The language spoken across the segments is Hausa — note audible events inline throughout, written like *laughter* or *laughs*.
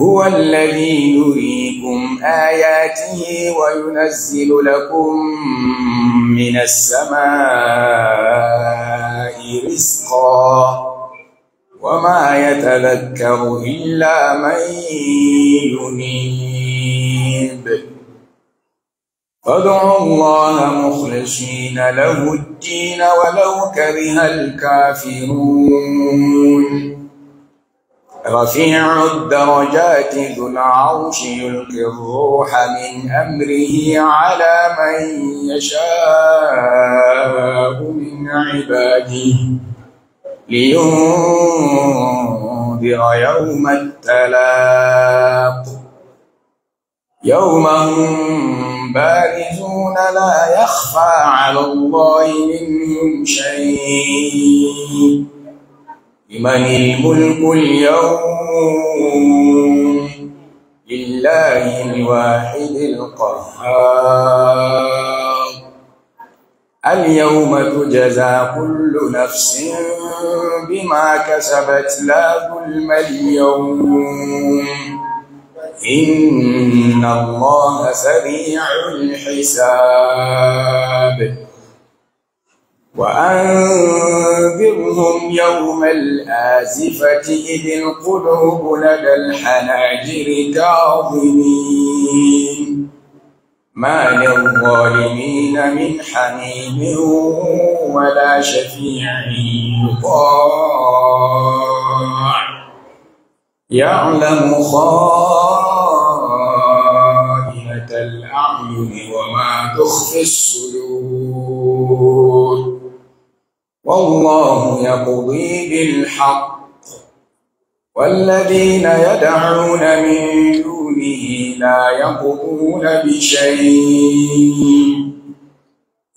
هو الذي يريكم آياته وينزل لكم من السماء رزقا وما يتذكر إلا من ينيب فادعوا الله مخلصين له الدين ولو كره الكافرون رفيع الدرجات ذو العرش يلقي الروح من أمره على من يشاء من عباده لينذر يوم التلاق يوم هم بارزون لا يخفى على الله منهم شيء لمن الملك اليوم لله الواحد القهار اليوم تجزى كل نفس بما كسبت لا ظلم اليوم إن الله سريع الحساب وأنذرهم يوم الآزفة إذ القلوب لدى الحناجر كاظمين ما للظالمين من حميم ولا شفيع يطاع يعلم خائنة الأعين وما تخفي الصدور والله يقضي بالحق والذين يدعون من دونه لا يقضون بشيء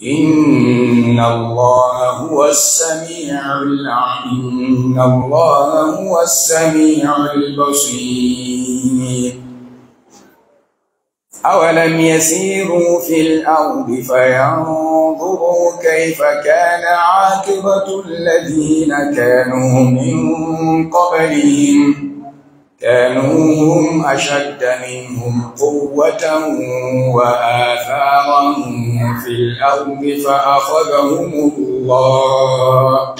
إن الله هو السميع العليم إن الله هو السميع البصير أولم يسيروا في الأرض فينظروا كيف كان عاقبة الذين كانوا من قبلهم كانوا هم أشد منهم قوة وآثارا في الأرض فأخذهم الله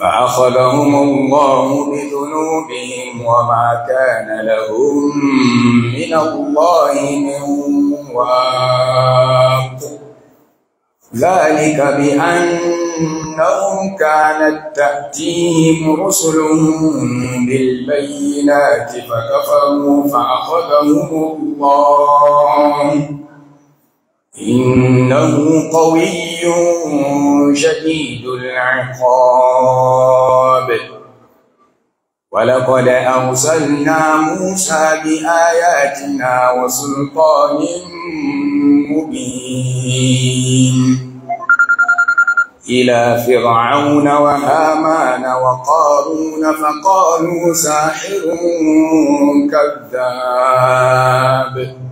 فأخذهم الله بذنوبهم وما كان لهم من الله من واق ذلك بأنهم كانت تأتيهم رسلهم بالبينات فكفروا فأخذهم الله إنه قوي شديد العقاب ولقد أرسلنا موسى بآياتنا وسلطان مبين إلى فرعون وهامان وقارون فقالوا ساحر كذاب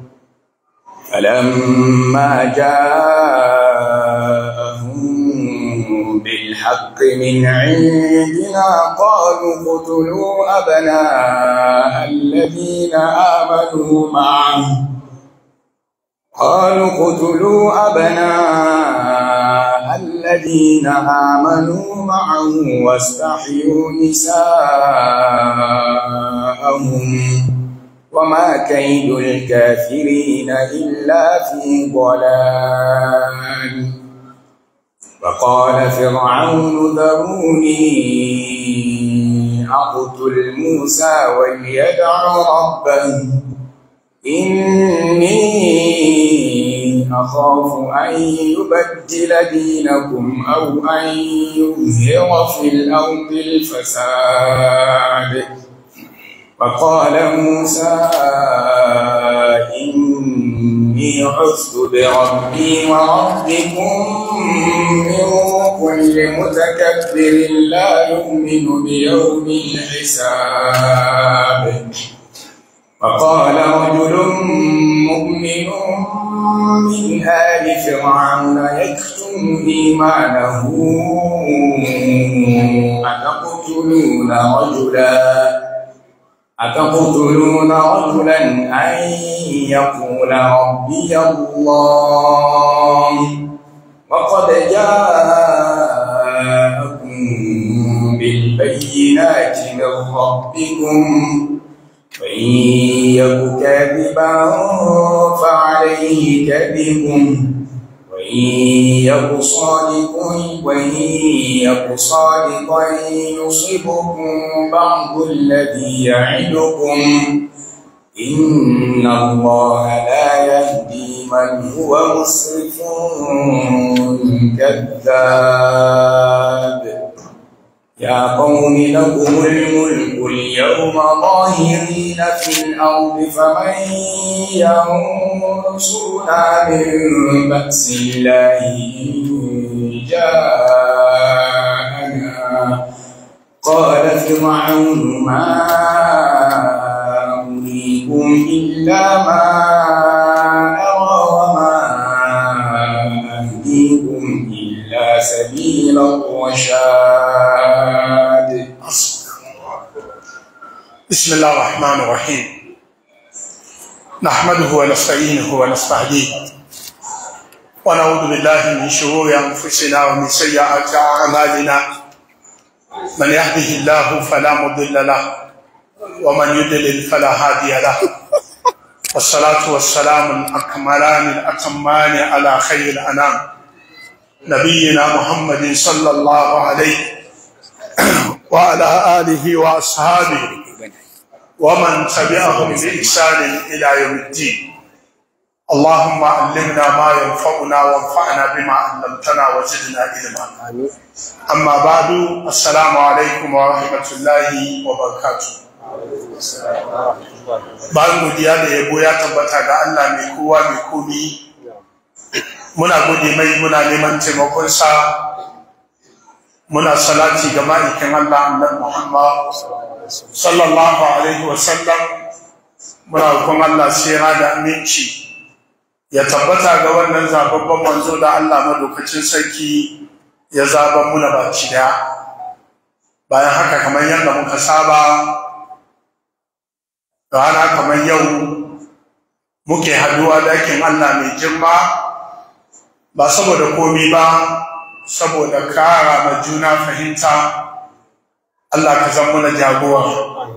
فلما جاءهم بالحق من عندنا قالوا اقتلوا أبناء الذين آمنوا معه قالوا اقتلوا أبناء الذين آمنوا معه واستحيوا نساءهم وما كيد الكافرين إلا في ضلال وقال فرعون ذروني أقتل موسى وليدع ربه إني أخاف أن يبدل دينكم أو أن يظهر في الأرض الفساد فقال موسى إني عذت بربي وربكم من كل متكبر لا يؤمن بيوم الحساب فقال رجل مؤمن من آل فرعون يكتم إيمانه أتقتلون رجلاً أتقتلون رجلا أن يقول ربي الله وقد جاءكم بالبينات من ربكم وإن يك كاذبا فعليه كذبه إن صادقا وإن يك صادقا يصبكم بعض الذي يعدكم إن الله لا يهدي من هو مسرف كذاب يا قوم لكم الملك اليوم ظاهرين في الأرض فمن ينصرنا من بأس الله جاءنا قال فرعون ما أريكم إلا ما أرى وما أهديكم إلا سبيل الرشاد بسم الله الرحمن الرحيم نحمده ونستعينه ونستهديه ونعوذ بالله من شرور انفسنا ومن سيئات اعمالنا من يهده الله فلا مضل له ومن يضلل فلا هادي له والصلاة والسلام الأكملان الأتمان على خير الأنام نبينا محمد صلى الله عليه وعلى آله وأصحابه ومن تبعهم بإحسان إلى يوم الدين اللهم علمنا ما ينفعنا وانفعنا بما علمتنا وزدنا علما أما بعد السلام عليكم ورحمة الله وبركاته bayan godiya da yabo ya tabbata ga Allah mai kowa mai komi muna gode mai muna neman taimakonsa muna salati ga ma'aikin Allah annabi Muhammad sallallahu alaihi wasallam muna roƙon Allah tsira da aminci ya tabbata ga wannan zababban manzo da Allah madaukakin sarki ya zaba muna baci daya bayan haka kamar yanda muka saba rana kamar yau muke haduwa dakin Allah mai jimma. ba saboda komi ba saboda kara ma juna fahimta Allah ka zan mana jagora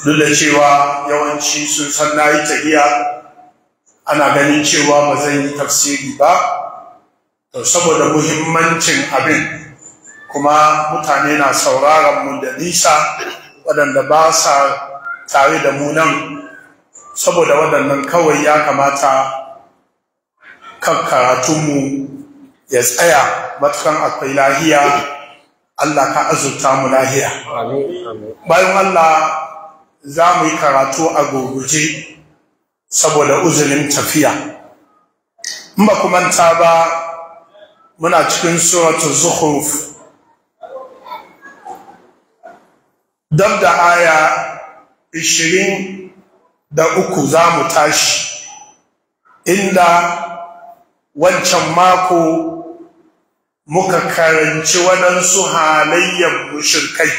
duk da cewa yawanci sun san na yi tafiya ana ganin cewa ba zan yi tafsiri ba to saboda muhimmancin abin kuma mutane na sauraron mu da nisa waɗanda ba sa tare da mu nan saboda waɗannan kawai ya kamata kan karatunmu ya tsaya matukan akwai lahiya Allah ka azurta mu lahiya bayan Allah za mu yi karatu a gurguje saboda uzurin tafiya in ba ku manta ba muna cikin suratul zukhruf dab da aya ishirin da uku za mu tashi inda wancan mako muka karanci waɗansu halayyar mushrikai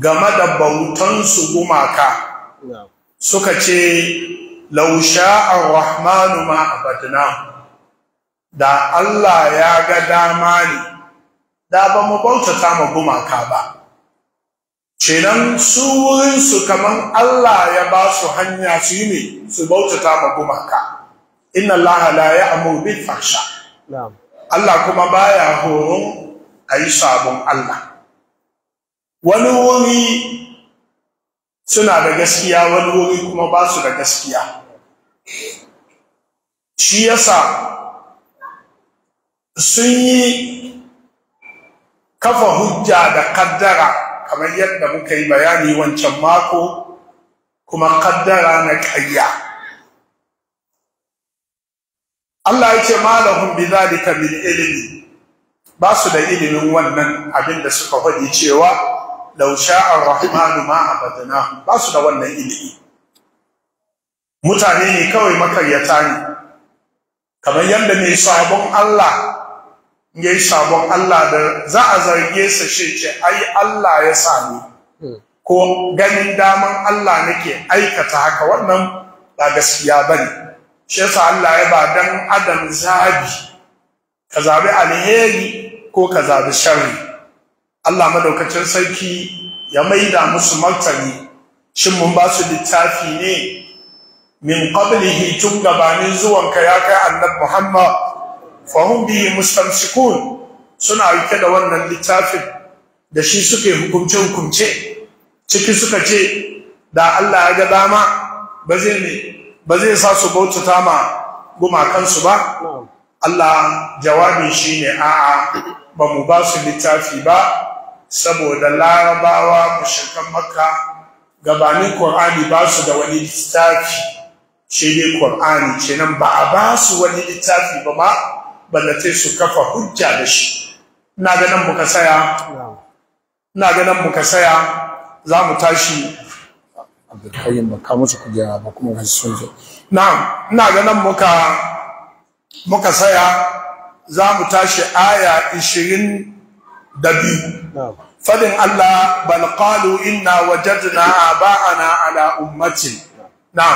game da bautansu gumaka suka ce lausha a rahmanu ma abadna da Allah ya ga dama ne da ba mu bautata ma gumaka ba kenan su wurin kamar Allah ya ba su hanya su yi ne su bautata ma gumaka inna Allah la ya'muru bil fahsha Allah kuma baya horo a yi sabon Allah wani wuri suna da gaskiya wani wuri kuma ba su da gaskiya shi yasa sun yi kafa hujja da kaddara kamar yadda muka yi bayani wancan mako kuma kaddara na kayya. Allah ya ce malahum bi zalika min ilmi ba su da ilimin wannan abin da suka faɗi cewa law sha'a ar-rahman ma abadnahu ba su da wannan ilimi mutane ne kawai makaryata ne kamar yadda mai sabon Allah ya yi sabon Allah da za a zarge sa shi ce ai Allah ya sami hmm. ko ganin daman Allah nake aikata haka wannan ba gaskiya bane shi yasa Allah ya ba dan adam zabi ka zabi alheri ko ka zabi sharri Allah madaukacin sarki ya maida musu martani shin mun ba su littafi ne min qablihi tun gabanin zuwanka ya kai annabi Muhammad fa hum bihi mustamsikun suna rike da wannan littafin da shi suke hukunce hukunce ciki suka ce da Allah ya ga dama ba zai ne ba zai sa su bautata ma gumakansu ba Allah jawabin shi ne a'a ba mu ba su littafi ba saboda larabawa mushrikan makka gabanin ƙorani ba su da wani littafi shi ne ce nan ba a ba su wani littafi ba ba ballate su kafa hujja da shi ina ganin ganin muka saya za mu tashi abdulkayyim ba ka musu kujera ba kuma ga sun zo na ina ganin muka muka saya za mu tashi aya ishirin da biyu fadin Allah bal qalu inna wajadna aba'ana ala ummatin na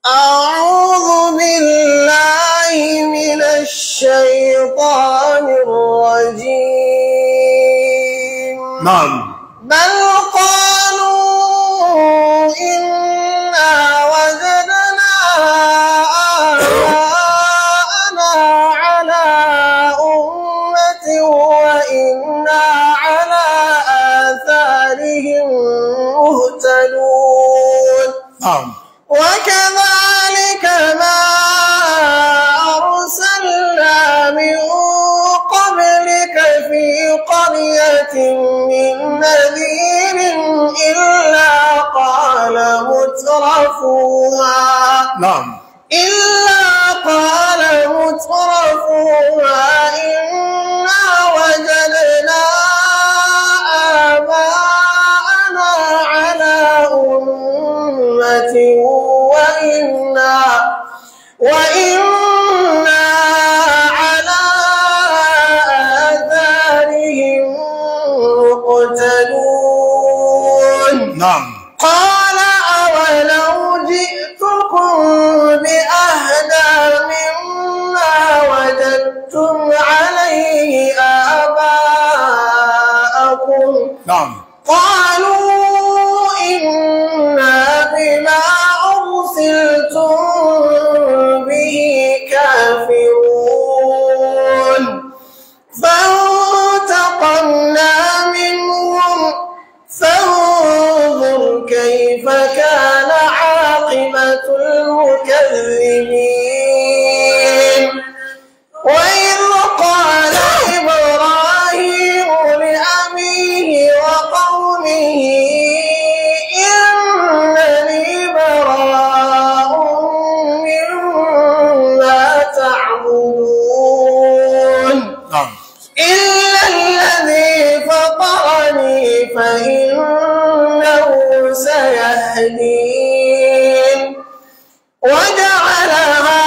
أعوذ بالله من الشيطان الرجيم نعم بل قال إنا مترفوها نعم إلا قال مترفوها إنا وجدنا آباءنا على أمة وإنا وإنا على آثارهم مقتدون نعم قال قالوا إنا بما أرسلتم به كافرون فانتقمنا منهم فانظر كيف كان عاقبة المكذبين فإنه سيهدين وجعلها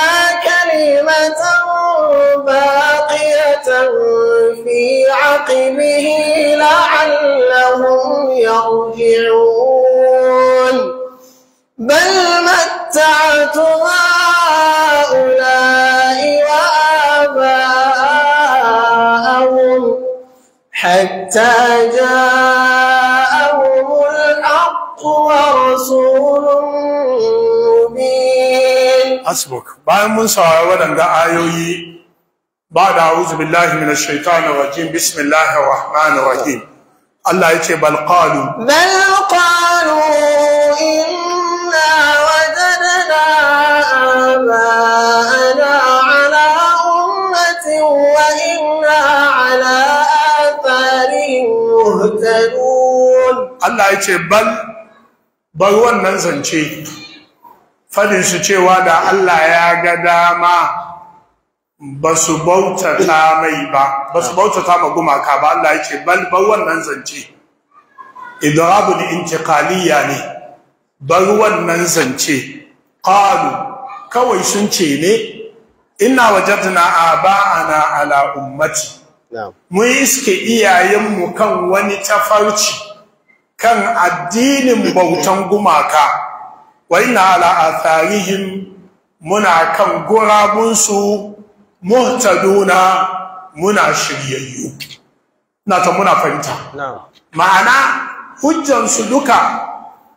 كلمة باقية في عقبه لعلهم يرجعون بل متعت هؤلاء وآباءهم حتى جاءوا حسبك بعد من سوى ودنجا آيوي بعد أعوذ بالله من الشيطان الرجيم بسم الله الرحمن الرحيم الله يتي بل قالوا بل قالوا إنا وجدنا آباءنا على أمة وإنا على آثارهم مهتدون الله يتي بل بل وننزل شيء fadin su cewa da Allah ya ga dama ba su bautata mai ba ba su bautata ma gumaka ba Allah yake ce bal ba wannan zance idrabul intiqaliya ne bar wannan zance qalu kawai sun ce ne inna wajadna aba'ana ala ummati mun iske iyayenmu kan wani tafarci kan addinin bautan gumaka wa na ala atharihim muna kan gurabunsu muhtaduna muna shiryayyu na ta muna fahimta ma'ana hujjansu duka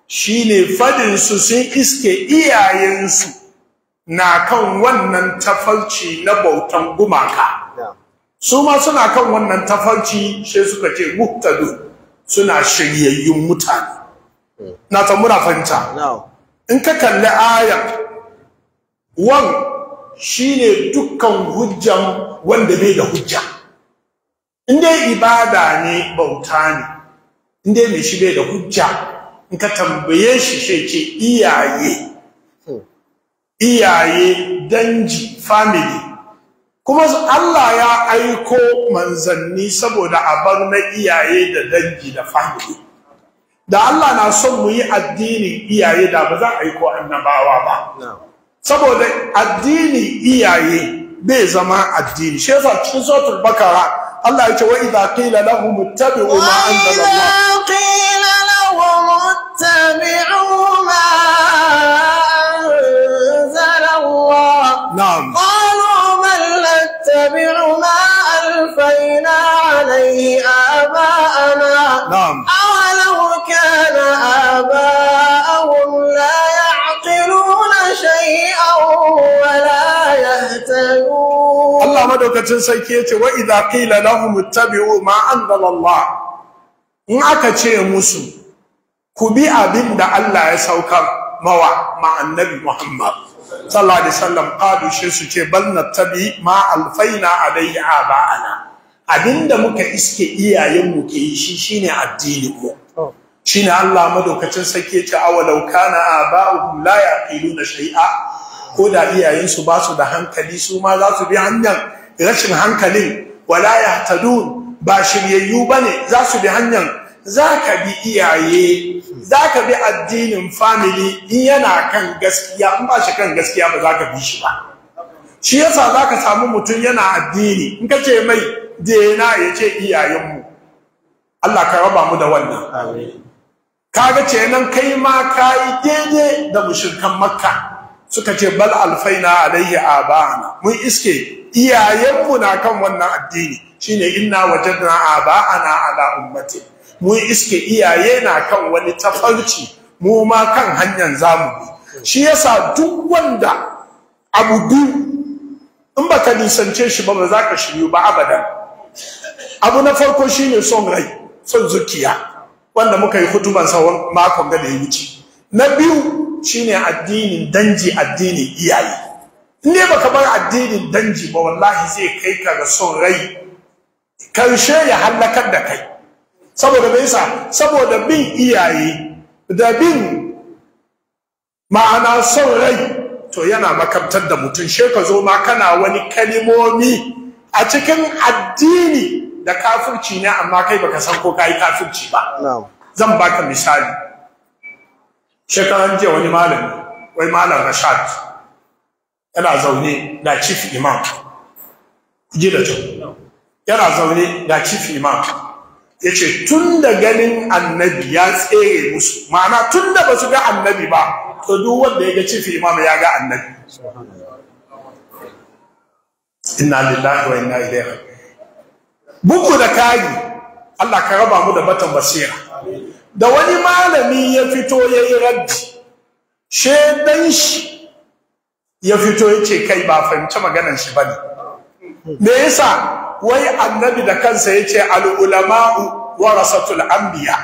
shi ne fadinsu sun iske iyayensu na kan wannan tafarci na bautan gumaka su ma suna kan wannan tafarci sai suka ce muhtadu suna shiryayyun mutane na ta muna fahimta in ka kalli aya wan shine dukkan hujjan wanda bai da hujja in dai ibada ne bauta ne in dai mai shi bai da hujja in ka tambaye shi sai ce iyaye iyaye danji family kuma Allah ya aiko manzanni saboda a bar na iyaye da danji da family da Allah na son mu yi addini iyaye da ba za a yi ko annabawa ba saboda addini iyaye bai zama addini shi yasa cikin suratul bakara Allah ya ce wa idza qila lahum ittabi'u ma anzala Allah qila na'am qalu man nattabi'u ma alfayna alayhi كان آباءهم لا يعقلون شيئا ولا يهتدون الله مدوكتين سيكيتي وإذا قيل لهم اتبعوا ما أنزل الله إن أكتشي مسلم كبي أبين دا الله يسوكر موا مع النبي محمد صلى الله عليه وسلم قالوا شيسو بل نتبي ما ألفينا عليه آباءنا abinda muka iske iyayenmu ke yi shi shine addininmu shine Allah madaukacin sake ce awalau kana aba'uhum la yaqiluna shay'a ko da iyayen su ba su da hankali su ma za su bi hanyar rashin hankalin wala yahtadun ba shiryayyu bane za su bi hanyar zaka bi iyaye zaka bi addinin family in yana kan gaskiya in ba shi kan gaskiya ba zaka bi shi ba shi yasa zaka samu mutum yana addini in kace mai dena yace iyayenmu Allah ka raba mu da wannan amin kaga kenan kai ma ka yi daidai da mushirkan makka suka ce bal alfaina alayhi abana mun iske iyayenmu na kan wannan addini shine inna wajadna abana ala ummati mun iske iyaye na kan wani tafarci mu ma kan hanyar zamu bi shi yasa duk wanda abu du in baka nisance shi ba ba za ka shiryu ba abadan abu na farko shine son rai son zukiya wanda muka yi hutuban sawan makon da ya wuce na biyu shi ne addinin danji addinin iyaye in ba ka bar addinin danji ba wallahi zai kai ka ga son rai karshe ya hallakar da kai saboda bai sa saboda bin iyaye da bin ma'ana son rai to yana makamtar da mutum she ka zo ma kana wani kalimomi a cikin addini da kafirci ne amma kai baka san ko kai kafirci ba zan baka misali shekaran jiya wani malami wai malam Rashad yana zaune da chief imam ji da yana zaune da chief imam yace tun da ganin annabi ya tsere musu ma'ana tun da basu ga annabi ba to duk wanda ya ga chief imam ya ga annabi inna lillahi wa inna ilaihi buku da kari Allah ka raba mu da batan basira da wani malami ya fito ya yi raddi shedan shi ya fito ya ce kai ba fahimci maganan shi ne. me yasa wai annabi da kansa ya ce al'ulama'u warasatul anbiya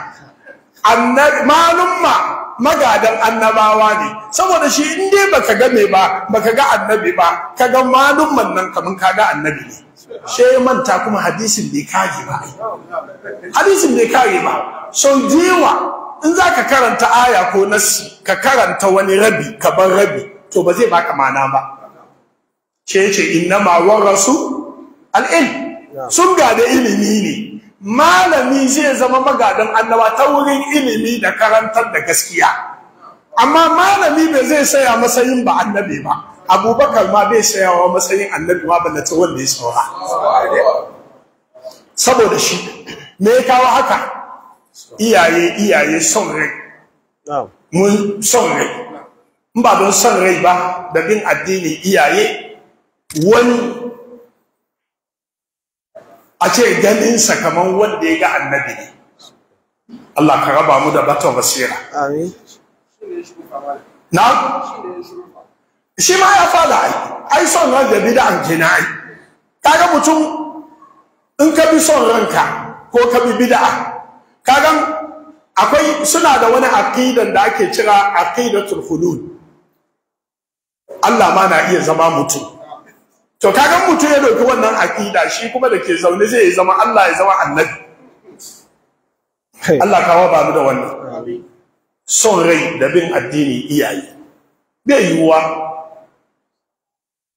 annabi malumma magadan annabawa ne saboda shi in dai baka ga me ba baka ga annabi ba ka ga malumman nan kaman ka ga annabi ne she manta kuma hadisin bai kage ba hadisin bai kage ba so jiwa in zaka karanta aya ko nasi ka karanta wani rabi ka bar rabi to ba zai baka mana ba ce ce innama warasu al-ilm sun gada ilimi ne malami zai zama magadan annaba ta wurin ilimi da karantar da gaskiya amma malami bai zai saya masa yin ba annabi ba abubakar ma bai sayawa matsayin annabi ma ballata wanda ya saura saboda shi me ya kawo haka iyaye iyaye son rai mun son rai in ba don son rai ba da bin addini iyaye wani a ce ganinsa kamar wanda ya ga annabi ne Allah ka raba mu da batun basira na shi ma ya fada ai ai son ran da bid'an kenan ai kaga mutum in ka bi son ranka ko ka bi bid'a kaga akwai suna da wani aqidan da ake cira aqidatul hulul Allah ma na iya zama mutum to kaga mutum ya dauki wannan aqida shi kuma da ke zaune zai zama Allah ya zama annabi Allah kawo ba mu da wannan son rai da bin addini iyaye bai yiwuwa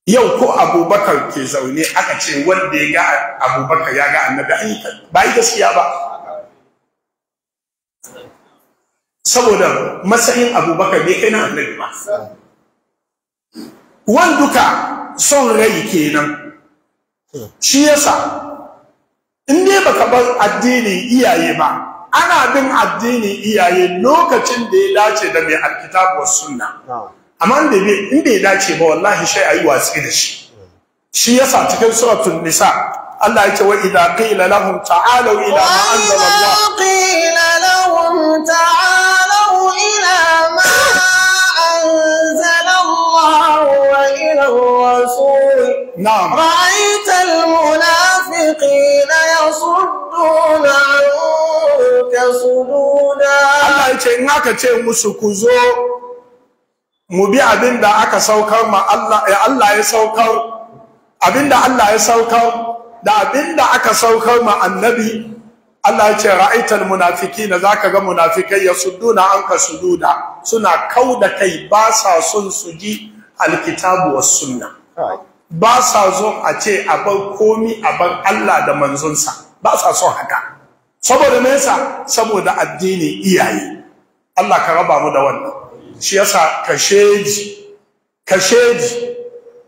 yau ko abubakar ke zaune aka ce wanda ya ga abubakar ya ga annabi an yi ba yi gaskiya ba saboda matsayin abubakar bai kai na annabi ba wanduka son rai kenan shi yasa in dai baka bar addinin iyaye ba ana bin addinin iyaye lokacin da ya dace da mai alkitabu sunna amma inda bai inda ya dace ba wallahi shay ayi watsi da shi shi yasa cikin suratul nisa Allah yake wa idza qila lahum ta'alu ila ma anzala Allah qila lahum ta'alu ila ma anzala Allah wa ila rasul na'am ya al yasudduna anka sududa Allah yake in aka ce musu ku zo mu bi abin da aka saukar ma eh, Allah ya saukar abin da Allah ya saukar da abin da aka saukar ma annabi Allah ya ce ra'aital munafiqina zaka ga munafikai yasudduna anka sududa suna kauda kai ba sa son su ji alkitabu was sunna ba sa son a ce a bar komi a bar Allah da manzonsa ba sa son haka saboda me yasa saboda addini iyaye Allah ka raba mu da wannan shi yasa kasheji kasheji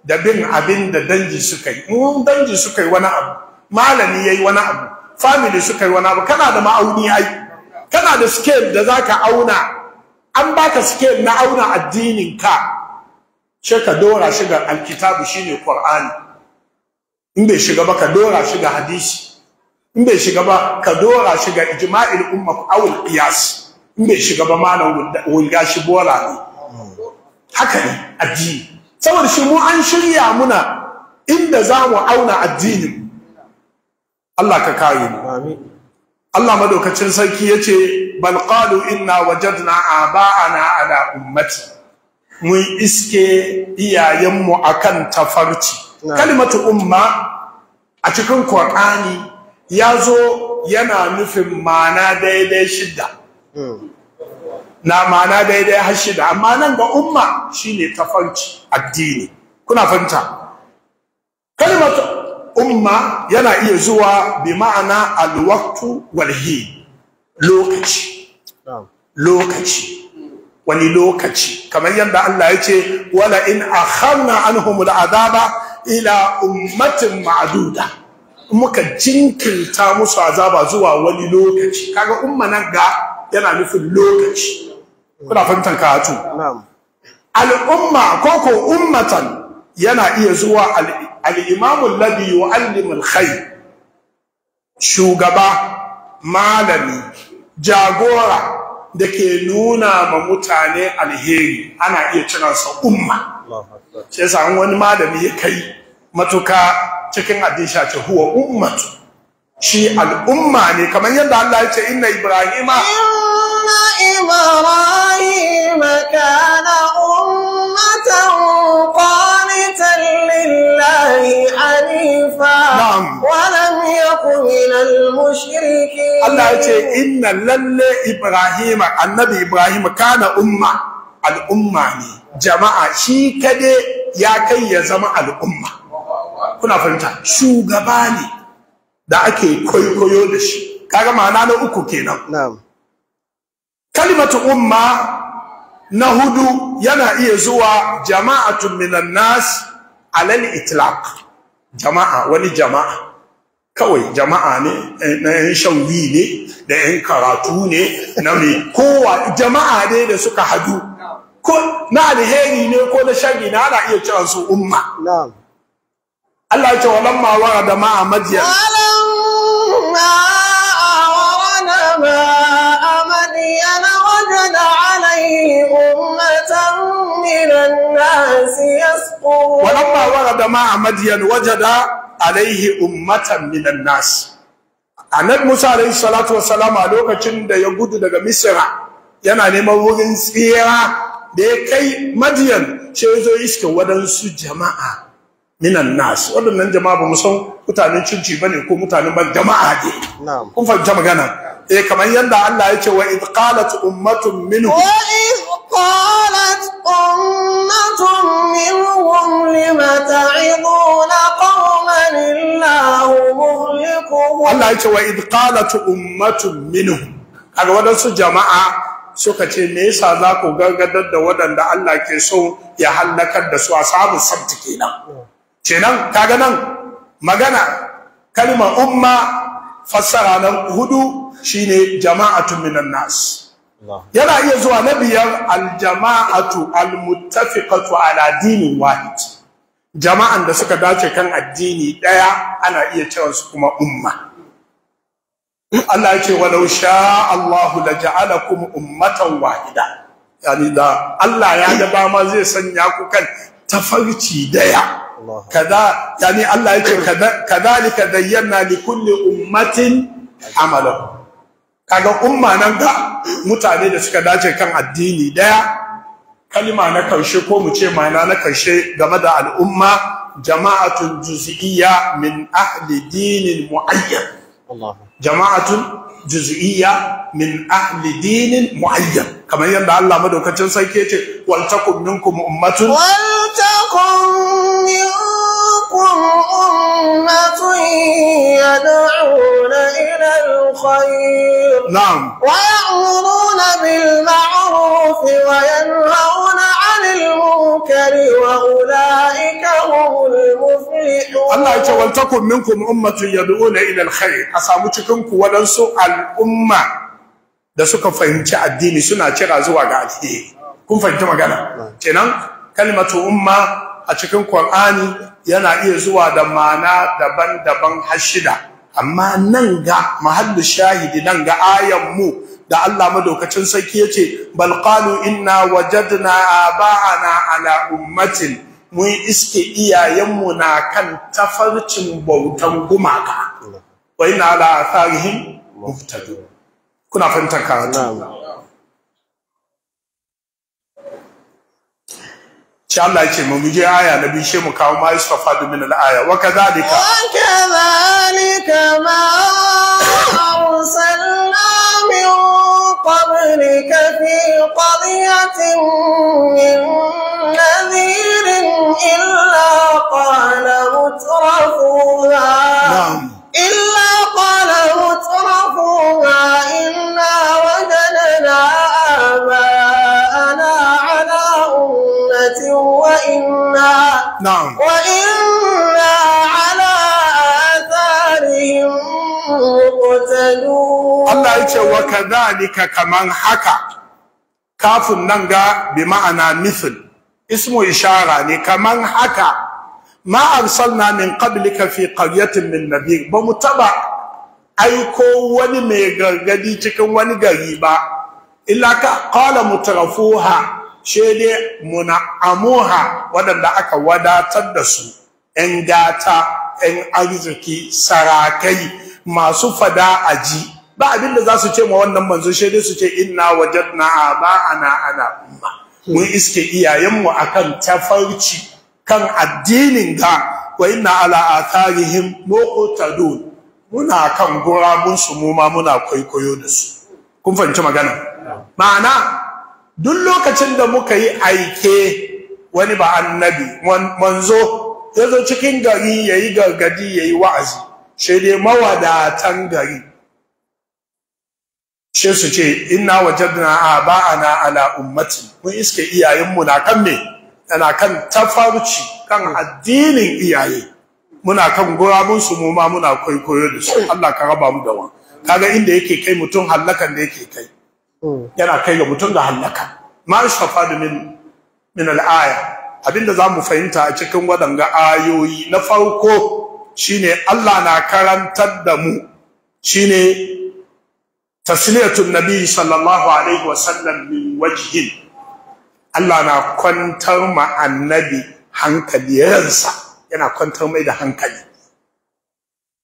da bin abin da danji suka yi mun danji suka yi wani abu malami yayi wani abu family suka yi wani abu kana da ma'auni ai kana da scale da zaka auna an baka scale na auna addinin ka sai ka dora shi ga alkitabu shine qur'ani in bai shiga ba ka dora shi ga hadisi in bai shiga ba ka dora shi ga ijma'il umma aw al qiyas in bai shiga ba malam wulga shi bola ne haka ne addini saboda shi mu an shirya muna inda za mu auna addinin Allah ka kare mu Allah madaukacin sarki yace bal qalu inna wajadna aba'ana ala ummati mun iske iyayenmu akan tafarci kalimatu umma a cikin qur'ani zo yana nufin mana daidai shidda na mana daidai har da amma nan ga umma shine tafanci addini kuna fahimta kalmar umma yana iya zuwa bi ma'ana alwaqtu walhi lokaci lokaci wani lokaci kamar yadda Allah ya ce wala in akhanna anhum al'adaba ila ummatin ma'duda muka jinkirta musu azaba zuwa wani lokaci kaga umma nan ga yana nufin lokaci kuna fahimtar karatu al'umma ko ko ummatan yana iya zuwa al'imamun ladi Allimin Kai. shugaba malami jagora da ke nuna ma mutane alheri ana iya ciransa umma sai sa'an wani malami ya kai matuka cikin adisha ce huwa ummatu shi al'umma ne kamar yadda Allah ya ce inna ibrahima إبراهيم كان أمة قانتا لله حنيفا نعم ولم يكن من المشركين الله يقول إن لله إبراهيم النبي إبراهيم كان أمة الأمة jama'a shi kade ya kai ya zama al'umma kuna fahimta shugaba ne da ake koyo da shi kaga ma'ana na uku kenan na'am kalimatu umma na hudu yana iya zuwa jama'atun minan nas alal itlaq jama'a wani jama'a kawai jama'a ne eh, na yan shauri ne da yan karatu ne na mai kowa jama'a ne da suka hadu ko na alheri ne ko na shari na ana iya cewa su umma Allah ya ce wa lamma warada ma'a madyan walamma ma'a ومن الناس يسقون ولما ورد مع مدين وجد عليه أمة من الناس annabi Musa alaihi salatu wassalam a lokacin da ya gudu daga Misira, yana neman wurin tsira da ya kai Madiyan sai ya zo iska wadansu jama'a minan wadannan jama'a ba mu san mutanen cinci bane ko mutanen ban jama'a ne kun fahimta magana eh kamar yadda Allah ya ce wa idh qalat ummatun minhum wa idh qalat ummatun minhum lima ta'iduna qauman illahu muhlikuhum Allah ya wa idh qalat ummatun minhum kaga wadansu jama'a suka ce me yasa za ku gargadar da wadanda Allah ke so ya halakar da su ashabu sabt kenan kenan kaga nan magana kalima, umma fassara nan hudu shine jama'atu minan nas yana iya zuwa na biyar aljama'atu almuttafiqatu ala dinin wahid jama'an da suka dace kan addini daya ana iya cewa su kuma umma Allah ya ce walau sha Allahu laja'alakum ummatan wahida yani da Allah ya ga ma zai sanya ku kan tafarci daya kada yani Allah ya ce kadalika dayyana likulli ummatin amalahu kaga umma nan ga mutane da suka dace kan addini daya kalima na karshe ko mu ce ma'ana na karshe game da al'umma jama'atun juz'iyya min ahli dinin muayyan jama'atun juz'iyya min ahli dinin muayyan kamar yadda Allah madaukacin sarki ce wal takum minkum ummatun wal takum minkum ummatun yad'una ila al-khayr نعم ويأمرون بالمعروف وينهون عن المنكر وأولئك هم المفلحون الله يقول منكم أمة يدعون إلى الخير أسامو cikinku waɗansu al'umma da suka fahimci addini suna cira zuwa ga addini kun fahimci magana kenan kalmatu umma a cikin Qur'ani yana iya zuwa da ma'ana daban-daban har shida amma nan ga mahallu shahidi nan ga ayan mu da Allah madaukacin sarki yace bal qalu inna wajadna aba'ana ala ummatin mun iske mu na kan tafarcin bautan gumaka wa inna ala asarihim muftadu kuna fahimtar karatu sai Allah ya ce mu je aya na biyu sai mu kawo ma istafa min al aya wa kadhalika wa kadhalika ma arsalna min qablika fi qaryatin min nadhirin illa qala mutrafuha na'am illa qala mutrafuha وإنا نعم وإنا على آثارهم مقتدون الله يقول وكذلك كمان حكى كاف ننجا بمعنى مثل اسم إشارة كمان حكى ما أرسلنا من قبلك في قرية من نبي بمتبع aiko wani mai gargadi cikin wani gari ba illa ka qala mutrafuha She dai muna amuha waɗanda aka wadatar da su ‘yan gata ‘yan arziki sarakai masu fada ji. ba abin da za su ce ma wannan manzo dai su ce inna a ba ana umma mun iske iyayenmu akan tafarci kan addinin ga wa inna ala atharihim muqtadun muna kan gurabun su mu ma muna kwaikwayo da su kun fahimci magana ma'ana duk lokacin da muka yi aike wani ba annabi manzo ya zo cikin gari ya yi gargadi ya yi wa'azi shi dai mawadatan gari shi su ce a wajadna a ala ummati mun iske iyayenmu na kan me yana kan tafarci kan addinin iyaye muna kan gurabunsu mu ma muna kwaikwayo da su Allah ka raba mu da wani kaga inda yake kai mutum hallakan da yake kai yana kai ga mutum ga halaka ma shafadu min min al-aya abinda zamu fahimta a cikin waɗanga ayoyi na farko shine Allah na karantar da mu shine tasliyatun nabi sallallahu alaihi wasallam min wajhin Allah na kwantar ma annabi hankali yana kwantar mai da hankali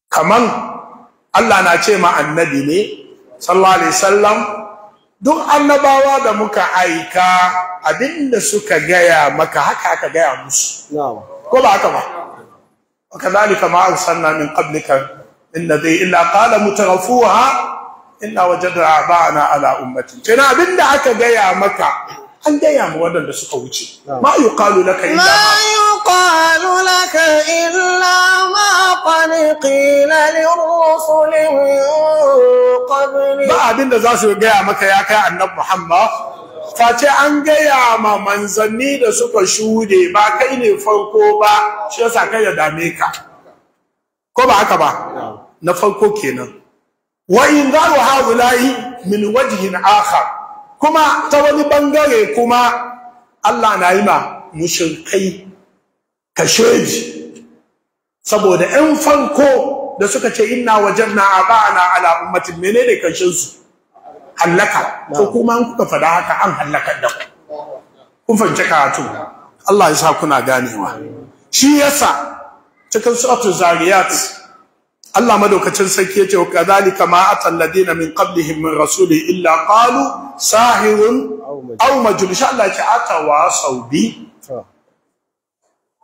kaman Allah na ce ma annabi ne sallallahu alaihi wasallam duk annabawa da muka aika abinda suka gaya maka haka aka gaya musu ko ba haka ba wa kadhalika ma arsalna min qablika in nadhi illa qala mutarafuha inna wajada ba'ana ala ummati kina abinda aka gaya maka an gaya ma waɗanda suka wuce ma yuqalu laka illa ma yuqalu laka illa ma qad qila lirrusuli qabli ba da za su gaya maka ya kai annabi Muhammad face an gaya ma manzanni da suka shude ba kai ne farko ba shi yasa kai ya dame ka ko ba haka ba na farko kenan wa in zaru haula'i min wajhin akhar kuma ta wani bangare kuma Allah na yi ma mushrikai kasheji saboda 'yan farko da suka ce inna wajen na aba'ana ala ummatin menene su? hallaka ko kuma an kuka fada haka an hallaka da kun fanci karatu Allah ya sa kuna ganewa shi yasa cikin suratul zariyat Allah madaukacin sarki yace wa kadhalika ma atal ladina min qablihim min rasuli illa qalu sahirun aw majnun insha Allah yace atawa saudi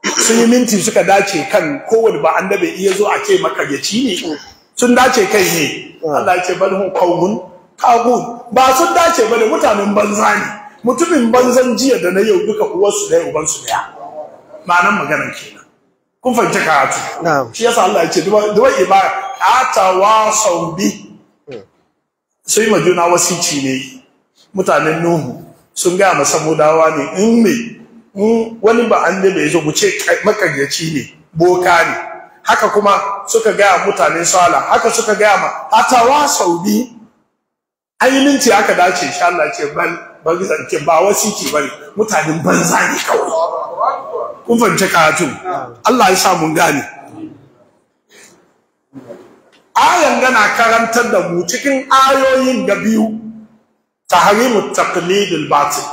sun yi minti suka dace kan kowani ba annabi iya zo a ce maka gaci ne sun dace kai ne Allah ce bal hum qaumun kagun ba sun dace bane mutanen banza ne mutumin banzan jiya da na yau duka uwarsu da ubansu daya ma'anan maganar kenan kun fahimci karatu shi yasa Allah ya ce duba ibada atawa sau bi hmm. sun yi juna wasici ne mutanen nuhu sun gaya ma samudawa ne in me wani ba an da bai zo mu ce makaryaci ne boka ne haka kuma suka gaya mutanen sala haka suka gaya ma atawa sau bi ainihin ce aka dace insha Allah ce ban ba wasici ne mutanen banza ne kawai kun fahimci karatun Allah ya sa mun gane ayan gana karantar da mu cikin ayoyin da biyu tahrimut taqlidul batil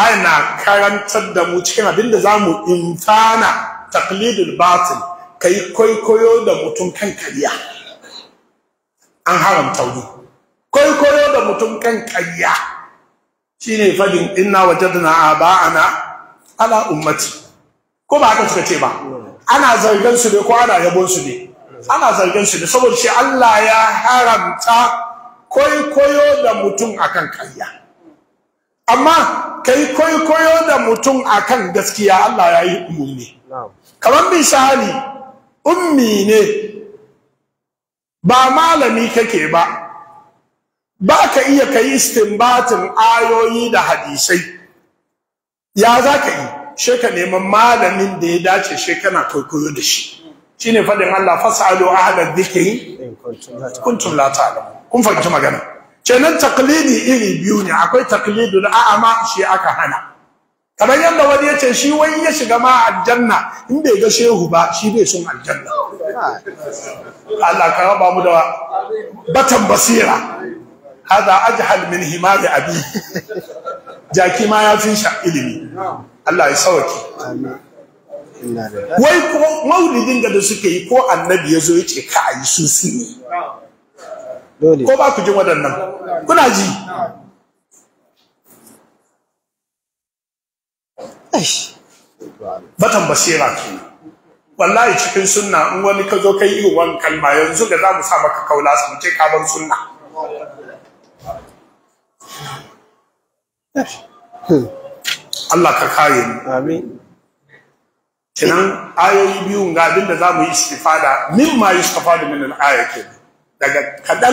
ayan na karantar da mu cikin abinda zamu infana taqlidul batil kai kwaikwayo da mutum kan kariya an haramta wuri kwaikwayo da mutum kan kariya shine fadin inna wajadna aba'ana ala ummati ko ba haka suka ce ba ana zargin su ne ko ana yabon su ne ana zargin su ne saboda shi Allah ya haramta koyo da mutum akan karya amma kai koyo da mutum akan gaskiya Allah ya yi umurni kamar misali ummi ne ba malami kake ba ba ka iya kai istinbatin ayoyi da hadisai ya za ka yi she neman malamin da ya dace she kana kwaikwayo da shi Shi ne fadin Allah fasalu ahla dhikri kuntum la ta'lamun kun fahimci magana kenan taqlidi iri biyu ne akwai a'a a'ama shi aka hana kamar yadda wani ya ce shi wai ya shiga ma aljanna in bai ga shehu ba shi bai son aljanna Allah ka raba mu da batan basira hada ajhal min a abi jaki ma ya fi sha ilimi Allah ya sauke wai ko maulidin da suke yi ko annabi ya zo ya ce ka ayi su su ne ko ba ku jin waɗannan kuna ji batan basira kenan wallahi cikin sunna in wani ka zo kai yi wani kalma yanzu da za mu sa maka kaula su ce ka bar sunna Allah ka kare mu amin kinan ayoyi biyun ga abin da za mu yi istifada mimma yustafadu min al ke daga kadan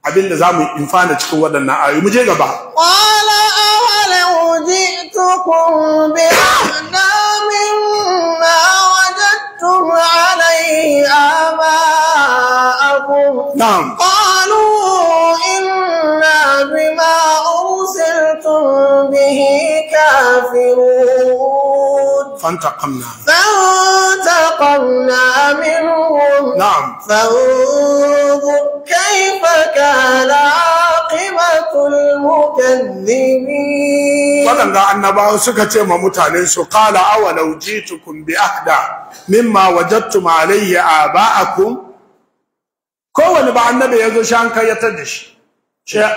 abin da za mu infana cikin waɗannan ayoyi mu je gaba qala awala ujitukum bi ahna mimma wajadtum alayhi abaakum na'am فانتقمنا فانتقمنا منهم نعم فانظر كيف كان عاقبة المكذبين ولن النبي سكت ما متعنس قال أولو جئتكم بأهدى مما وجدتم عليه آباءكم kowane ba annabi ya zo shi an kayyatar da shi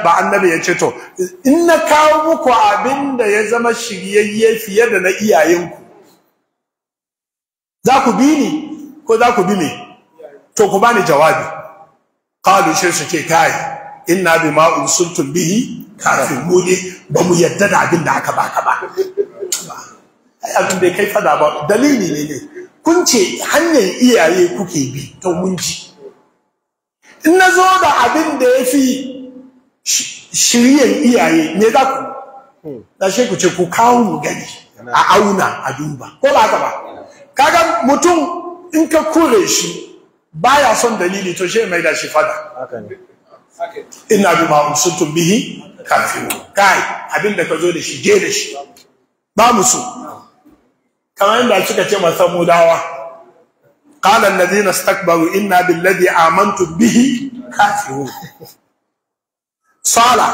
ba annabi ya ce to in na kawo muku abin da ya zama shiryayye fiye da na iyayenku za ku bi ni ko za ku bi me to ku bani jawabi qalu shi su ce kai inna bima ursultum bihi kafin mu ne ba mu yadda da abin da aka baka ba ai abin da kai fada ba dalili ne ne kun ce hanyar iyaye kuke bi to mun ji in na zo da abin da ya fi shiryan iyaye ne za ku da hmm. shi ku ce ku kawo mu gani a auna a duba ko ba haka ba kaga mutum in ka kure shi baya son dalili to shi mai da shi fada ina bi ma umsutum bihi kafiru kai abin da ka zo da shi je da shi ba mu kamar yadda suka ce masa mudawa qala alladhina istakbaru inna billadhi amantu bihi kafiru sala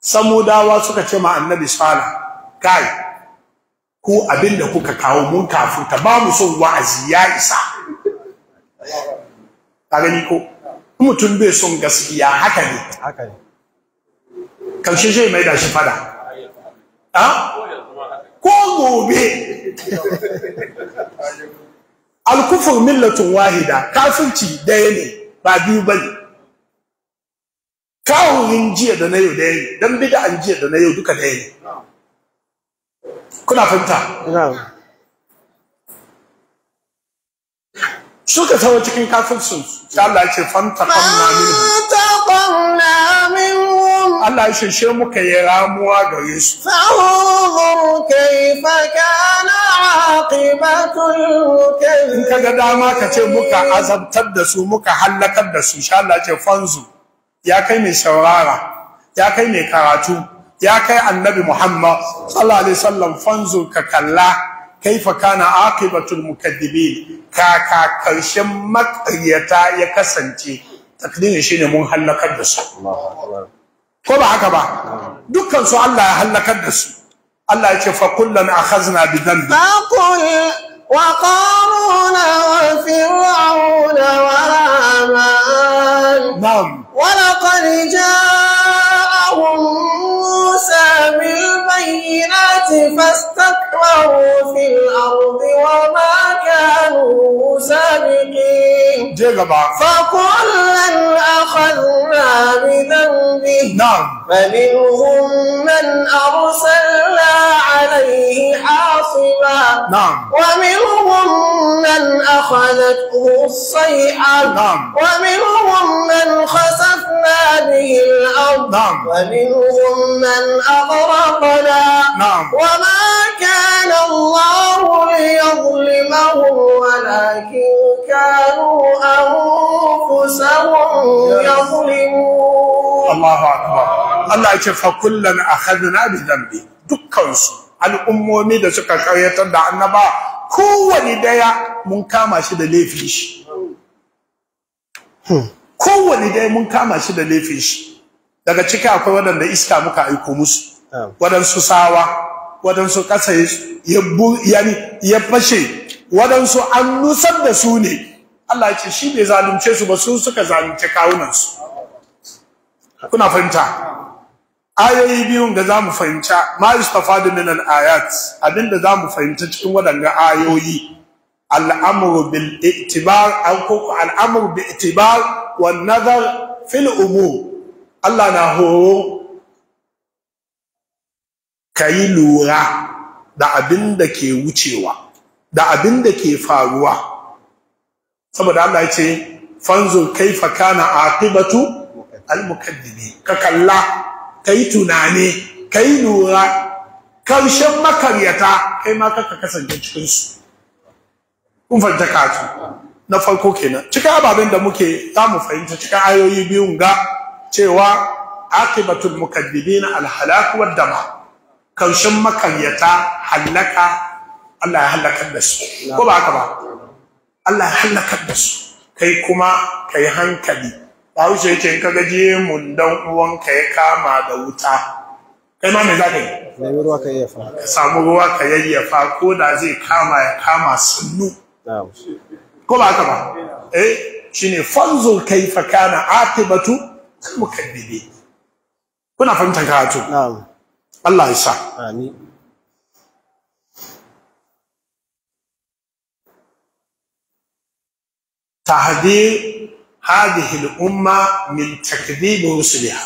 samudawa suka ce ma annabi sala kai Ko abin da kuka kawo mun ta ba mu son wa'azi ya isa ka gani ko mutum bai son gaskiya haka ne haka ne shi mai da shi fada ko gobe alkufur millatun wahida kafirci daya ne ba biyu ba ne yin jiya da na yau daya ne don bida'an jiya da na yau duka daya ne kuna fanta suka tawo cikin kafin kafirsun sai Allah ya ce fanta qamna minhum Allah ya shi muka yi ramuwa gare su fa'udhur kayfa kana aqibatul ka ga dama ka ce muka azabtar da su muka halakar da su insha Allah ya ce fanzu ya kai mai shawara ya kai mai karatu ya kai annabi Muhammad sallallahu alaihi wasallam fanzur ka kalla kaifa kana aqibatul mukaddibin kaka karshen maƙaryata ya kasance takdirin shine mun halakar da su ko ba haka ba dukkan su Allah ya halakar da su Allah ya ce fa kullan akhazna bi dhanbi fa qul wa qaruna wa fir'auna wa raman na'am wa laqad ja'ahum موسى من البينات فاستكبروا في الأرض وما كانوا سابقين فكلا أخذنا بذنبه نعم فمنهم من أرسلنا عليه حاصبا نعم ومنهم من أخذته الصيحة نعم ومنهم من خسفنا به الأرض نعم ومنهم من أغرقنا ربنا نعم وما كان الله ليظلمهم ولكن كانوا أنفسهم يظلمون الله أكبر الله يشفى كلنا أخذنا بذنبه dukkansu al'ummomi da suka karyatar da annaba kowane daya mun kama shi da laifin shi kowane daya mun kama shi da laifin shi daga ciki akwai waɗanda iska muka aiko musu waɗansu sawa waɗansu ƙasa ya fashe waɗansu an nusar da su ne Allah ce shi bai zalunce su ba su suka zalunce kawunansu kuna fahimta ayoyi biyun da zamu fahimta ma yustafadu min al-ayat abinda zamu fahimta cikin waɗanga ayoyi al'amru bil i'tibar an ko al'amru bi i'tibar wan nazar fil umur Allah na horo ka yi lura da abin da ke wucewa da abin da ke faruwa saboda Allah ya ce fanzur kaifa kana aqibatu almukaddibi ka kalla kai tunani kai lura karshen makaryata kai ma kaka kasance cikin su kun fanta katu na farko kenan cikin ababen da muke za mu fahimta cikin ayoyi biyun ga cewa aqibatul mukaddibina na wad dama kaushin makaryata hallaka Allah ya hallakar da su ko ba haka ba Allah ya hallakar da su kai kuma kai hankali ba wuce yake in kaga je mun dan uwanka ya kama da wuta kai ma me za ka yi samu ruwa ka yayyafa ka samu ruwa ka yayyafa ko da zai kama ya kama sunnu ko ba haka ba eh shine fanzur kaifa kana atibatu mukaddibi kuna fahimtar karatu na'am Allah ya sa amin tahdir hadhihi umma min takdhib rusuliha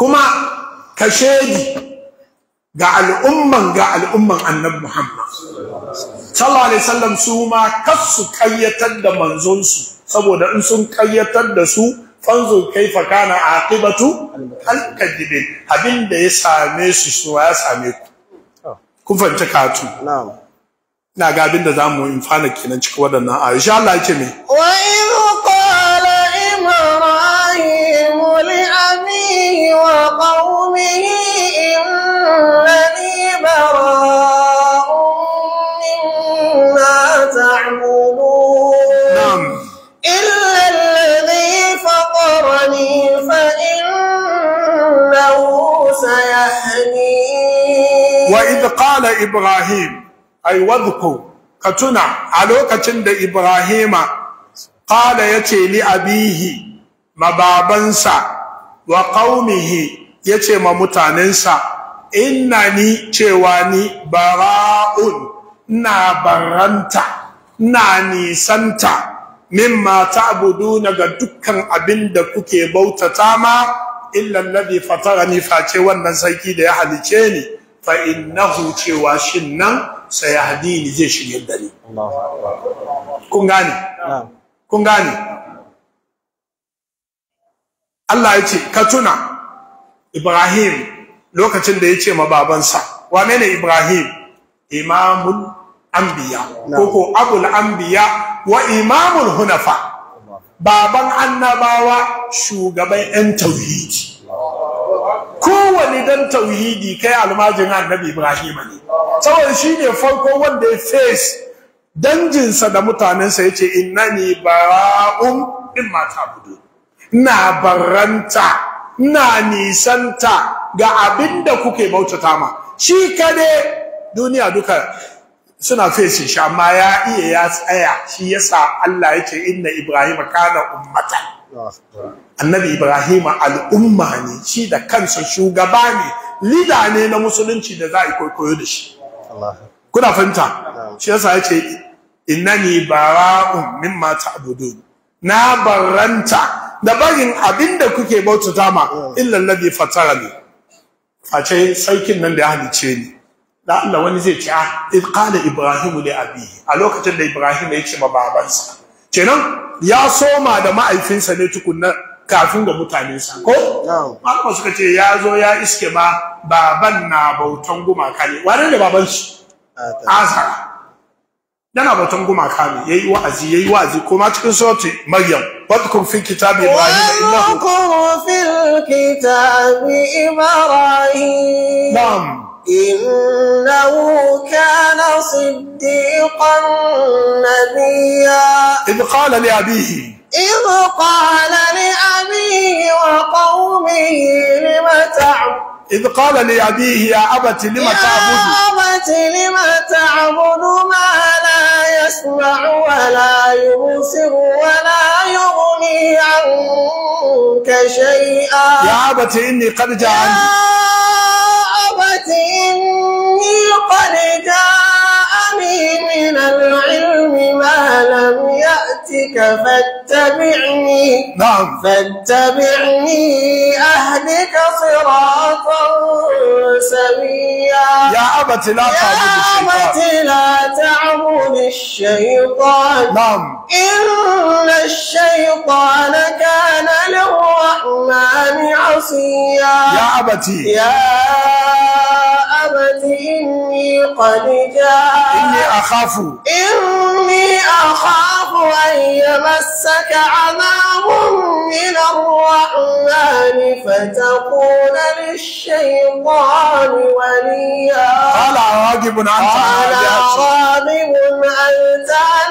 kuma kashedi ga al'umman ga al'umman annabi Muhammad sallallahu alaihi wasallam su ma kasu kayyatar da manzon su saboda in sun kayyatar da su fanzu kaifa kana aqibatu al-kadibin abinda ya same su so ya same ku kun fanta katu na'am ina ga abinda zamu in fana kenan cikin wadannan a insha Allah yake me wa in qala imrahim li abihi wa qaumihi innani bara'un mimma ta'mu Wa waizkala ibrahim aiwadku katuna a lokacin da ibrahima kala yace ni a bihi ma babansa wakaumihi yace ma mutanensa inna ni cewa ni bara'un na baranta na nisanta min mata gudu na ga dukan abinda kuke bautata ma illa alladhi fatarani face wannan sarki da ya halice ni fa innahu cewa shin nan hadini zai shige dare. ni kun gane kun gane Allah ya ce ka tuna Ibrahim lokacin da ya ce ma babansa wa ne Ibrahim imamul anbiya koko abul anbiya wa imamul hunafa baban annabawa shugaban yan tauhidi kowane dan tauhidi kai almajin annabi ibrahim ne shi ne farko wanda ya fes. danjinsa da mutanensa yace innani bara'un mata ta'budu ina baranta, ina nisanta ga abinda kuke bautata ma shi kade duniya duka suna so su shi amma ya iya ya tsaya shi yasa Allah yake inna Ibrahim kana ummata. annabi Ibrahim al'umma ne shi da kansa shugaba ne lida ne na musulunci da za a koyo da shi kuna fahimta shi yasa yake innani bara'un mimma ta'budu na baranta, da barin abinda kuke bautata ma illa alladhi fatarani ce sarkin nan da ya halice ni da Allah wani zai ce ah, a id Ibrahimu ne li abihi a lokacin da ibrahim ya ce ma babansa kenan ya soma da ma'aifinsa ne tukunna kafin ga mutanensa ko Amma suka ce ya zo ya iske ba baban na bautan gumaka ne wane ne baban shi azara yana bautan gumaka ne yayi wa'azi yayi wa'azi Ko kuma cikin surati maryam wadkur fi kitabi ibrahim innahu wadkur kitabi ibrahim إنه كان صديقا نبيا إذ قال لأبيه إذ قال لأبيه وقومه لم تعبد إذ قال لأبيه يا أبت لم تعبد يا أبت لم تعبد ما لا يسمع ولا يبصر ولا يغني عنك شيئا يا أبت إني قد جعلت ربت إني قد جاءني من العلم ما لم يأتك فاتبعني نعم فاتبعني أهلك صراطا سميا يا أبت لا تعبد الشيطان يا أبت لا تعبد الشيطان نعم إن الشيطان كان للرحمن عصيا يا أبتي يا إني قد جاء إني أخاف إني أخاف أن يمسك عذاب من الرحمن فتكون للشيطان وليا قال راغب أنت قال راغب أنت عن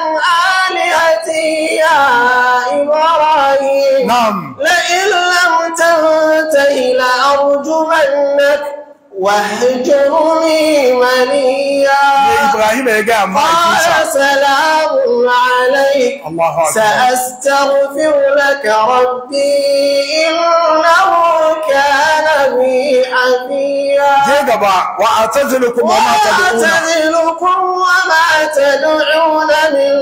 آلهتي يا إبراهيم نعم لئن لم تنته لأرجمنك واهجرني منيا ابراهيم قال سلام عليك الله ساستغفر لك ربي انه كان بي حفيا واعتزلكم وما تدعون واعتزلكم وما تدعون من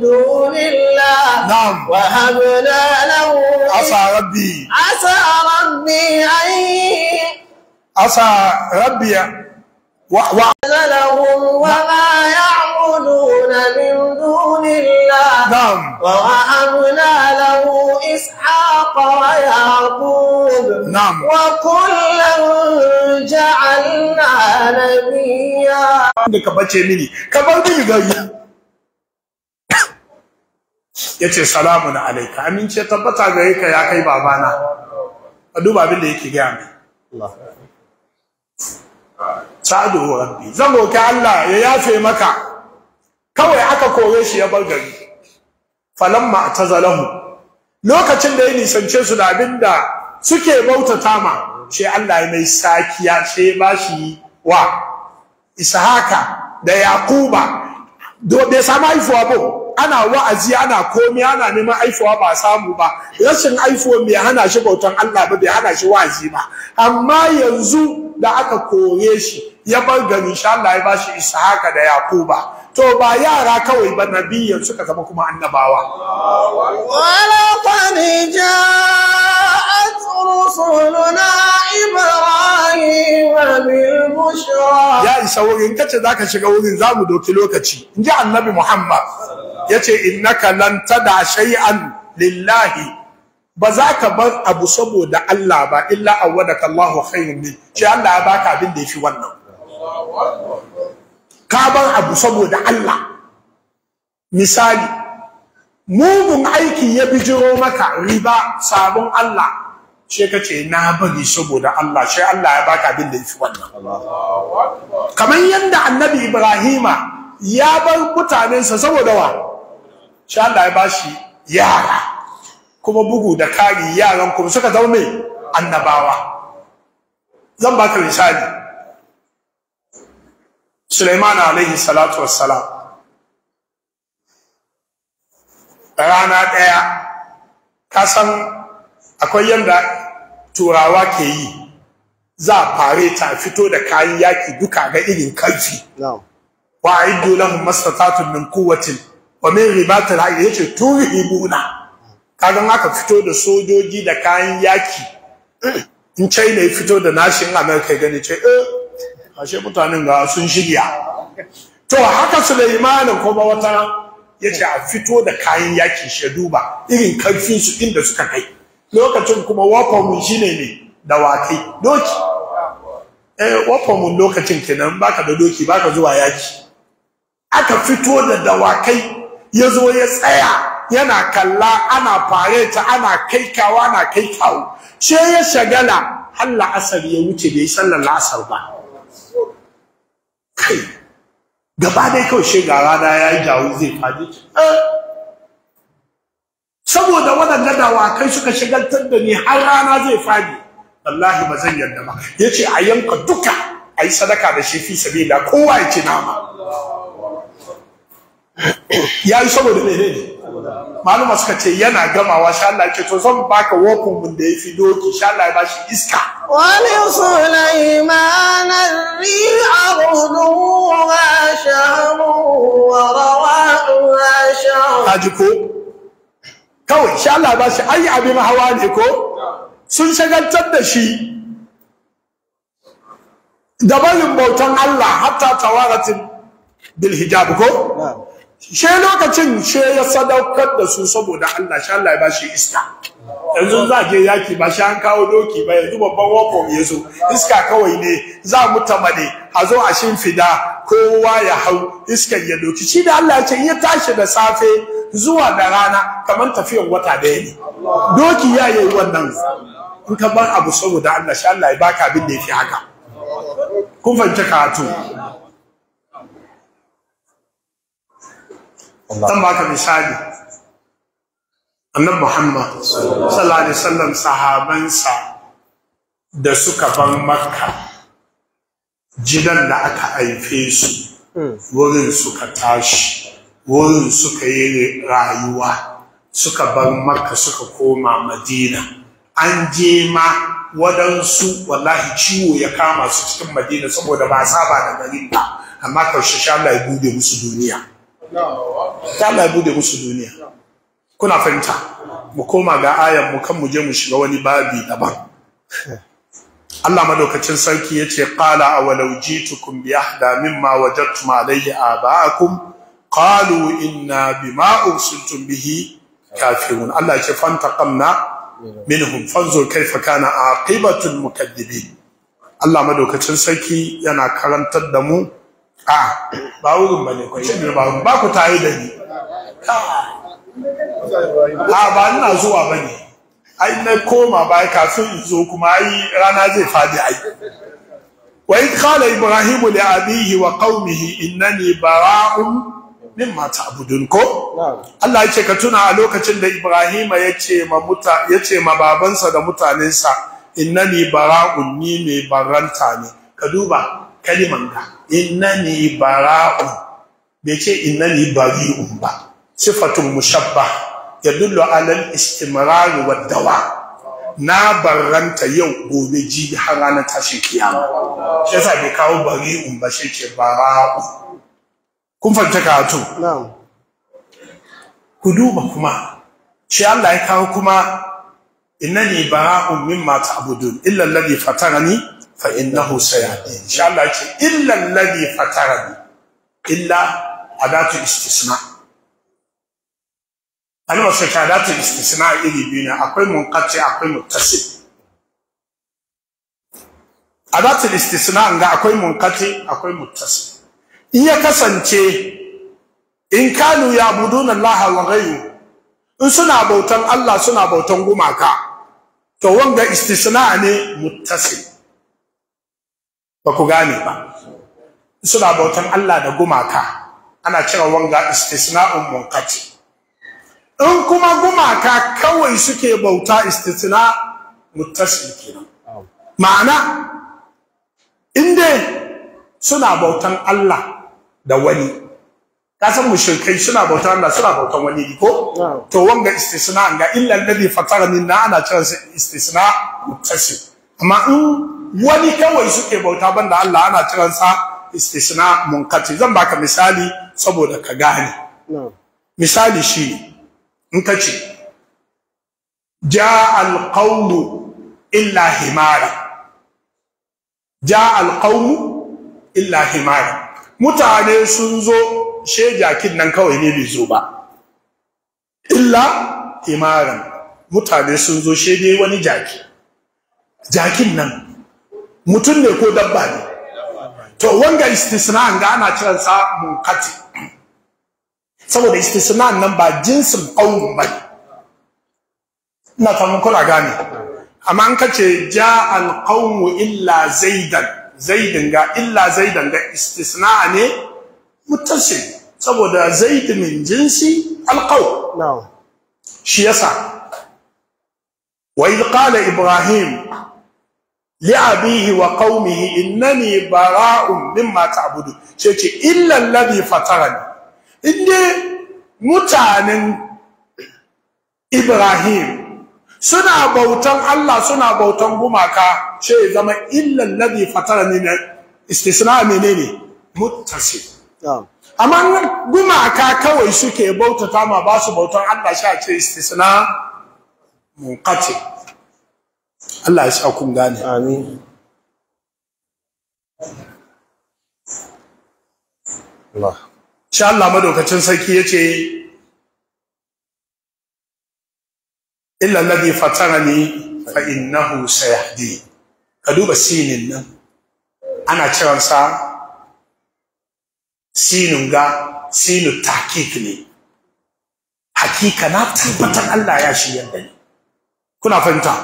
دون الله نعم وهبنا له عسى ربي عسى ربي ان asa rabbiya wa zalahum wa ma ya'muluna min dunillahi nam wa amna lahu ishaqa wa yaqub nam wa kullu ja'alna nabiyya da ka bace mini ka bar mini gari yace salamu alayka amince tabbata gare ka ya kai babana a duba abin da yake ga Allah rabbi zan roƙi Allah ya yafe maka kawai aka kore shi ya bar gari falamma atazalahu lokacin da ya nisance su da abin da suke bautata ma sai Allah ya mai sakiya sai ba shi wa ishaka da Yakuba, do bai sami haifuwa ba ana wa'azi ana komi ana neman aifuwa ba samu ba rashin aifuwa bai hana shi bautan Allah ba bai hana shi wa'azi ba amma yanzu da aka kore shi ya bar gani insha Allah ya shi Ishaka da Yakuba to ba yara kawai ba nabiyyan suka zama kuma annabawa wala qad ja'at rusuluna ya isa wurin kace zaka shiga wurin zamu doki lokaci inji annabi muhammad yace innaka ta tada shay'an lillahi ba za ka bar abu saboda Allah ba illa awwadaka Allahu khairun min shi Allah ya baka abin da yafi wannan ka bar abu saboda Allah misali mugun aiki ya bijiro maka riba sabon Allah shi ka ce na bari saboda Allah shi Allah ya baka abin da yafi wannan kamar yanda annabi Ibrahima ya bar mutanensa saboda wa shi Allah ya bashi yara kuma bugu da kari yaran kuma suka zama mai annabawa zan baka misali Sulaiman alaihi salatu wassalam rana daya ka san akwai yanda turawa ke yi za a fare ta fito da kayan yaki duka ga irin karfi wa a aiddu lahum mastata'tum min quwwatin wa min ribatil hayy yace turhibuna kagan aka fito da sojoji da kayan yaki *clears throat* in China ya fito da nashin America gani ce eh ashe mutanen ga sun shirya to haka ko ba wata yace a fito da kayan yaki shaduba duba irin karfin su inda suka kai lokacin kuma wafonmu shine ne dawakai doki eh wafonmu lokacin kenan baka da doki baka zuwa yaki aka fito da dawakai ya zo ya tsaya yana kalla ana fare ta ana kaikawa ana kaikawo she ya shagala har la'asar ya wuce bai sallar la'asar ba kai gaba dai kawai she ga rana yi jawo zai faɗi eh, saboda waɗanda dawakai suka shigantar da ni har rana zai fadi wallahi ba zan yarda ba yace a yanka duka a yi sadaka da shi fi sabila kowa ya ci nama *clears throat* ya yi saboda ne ne maluma suka ce yana gamawa sha Allah to zan baka wokun mun da yafi doki sha Allah ya bashi iska wali sulaiman ar-ri'u wa shahru wa rawahu wa kawai sha Allah ba shi ai abin hawa ne ko sun shagaltar da shi da bayin bautan Allah hatta tawaratin bil hijab ko she lokacin she ya sadaukar da su saboda Allah sha Allah ba shi iska yanzu za ke yaki ba shi an kawo doki ba yanzu babban wako ya zo iska kawai ne za mu tamale a zo a shin fida kowa ya hau iskar ya doki shi da Allah ya ce ya tashi da safe zuwa da rana kamar tafiyar wata daya ne doki ya yi wannan in ka bar abu saboda Allah shi Allah ya baka abin da yake haka kun fanta kato zan baka misali annabi Muhammad sallallahu alaihi wasallam sahabansa da suka bar Makka Jidan da aka haife su hmm. wurin suka tashi wurin suka yi rayuwa suka bar maka, suka koma madina an je ma waɗansu wallahi ciwo ya kama su cikin madina saboda ba saba da garin ba amma karshe sha Allah ya bude musu duniya sha Allah ya bude musu duniya kuna fahimta mu koma ga ayan mu kan mu je mu shiga wani babi daban *laughs* Allah madaukacin sarki yace qala awalau jitukum bi ahda mimma wajadtum alayhi abaakum qalu inna bima ursiltum bihi kafirun Allah yace fantaqamna minhum fanzur kaifa kana aqibatul mukaththibin Allah madaukacin sarki yana karantar da mu a ba wurin bane ko ce ba ba ku tayi da ni a ba ina zuwa bane ai na koma baya kafin in zo kuma ai rana zai fadi ai wa id qala ibrahimu li abihi wa qaumihi innani bara'un mimma ta'budun ko Allah yake ka tuna a lokacin da Ibrahima yace ma muta ce ma babansa da mutanensa innani bara'un ni ne baranta ne ka duba kaliman ga innani bara'un bai ce innani bari'un ba sifatun mushabba yadullu alal istimrar wa dawa na barranta yau gobe jibi har ranar tashin kiyama shi yasa bai kawo bari'un ba shi ke bara'u kun fanta karatu ku duba kuma shi Allah ya kawo kuma innani bara'un mimma ta'budun illa alladhi fatarani fa innahu sayadi insha Allah ce illa adatu ana wasu shahadatul istisna iri biyu ne akwai munqati akwai a adatul istisna ga akwai munqati akwai muttasil in ya kasance in kanu ya'buduna Allah wa ghayru in suna bautan Allah suna bautan gumaka to wanga istisna ne muttasil ba ku gane ba suna bautan Allah da gumaka ana cewa wanga istisna'un munqati in kuma gumaka kawai suke bauta istisna muttasil kenan ma'ana inda suna bautan Allah da wani kasan mushrikai suna bautan Allah suna bautan wani ko to wanga istisna ga illa alladhi fatarani na ana cewa istisna muttasil amma in wani kawai suke bauta banda Allah ana kiransa istisna munkati zan baka misali saboda ka gane misali shi in ka ce ja alƙaunu illa himara ja alƙaunu illa himara mutane sun zo she jakin nan kawai ne bai zo ba illa himaran mutane sun zo she dai wani jaki jakin nan mutum ne ko dabba ne to wanga istisna ga ana kiransa munkati saboda istisna nan ba jinsin qawm ba ina fahimtar kuna gane amma an kace ja al qawm illa zaidan zaidan ga illa zaidan ga istisna'a ne muttasil saboda zaid min jinsi al qawm na'am shi yasa وإذ قال إبراهيم لأبيه وقومه إنني براء مما تعبدون شيء إلا الذي فطرني inda mutanen Ibrahim suna bautan Allah suna bautan gumaka ce zama fatara ladhi na. istisna menene mutasi amma gumaka kawai suke bautata ma ba su bautan Allah sha ce istisna munqati Allah ya sa kun gane amin Allah sai Allah madaukacin sarki yace illa alladhi fatarani fa innahu sayahdi ka duba sinin nan ana ciransa sinin ga sinu takik ne hakika na tabbatar Allah ya shirya da ni kuna fahimta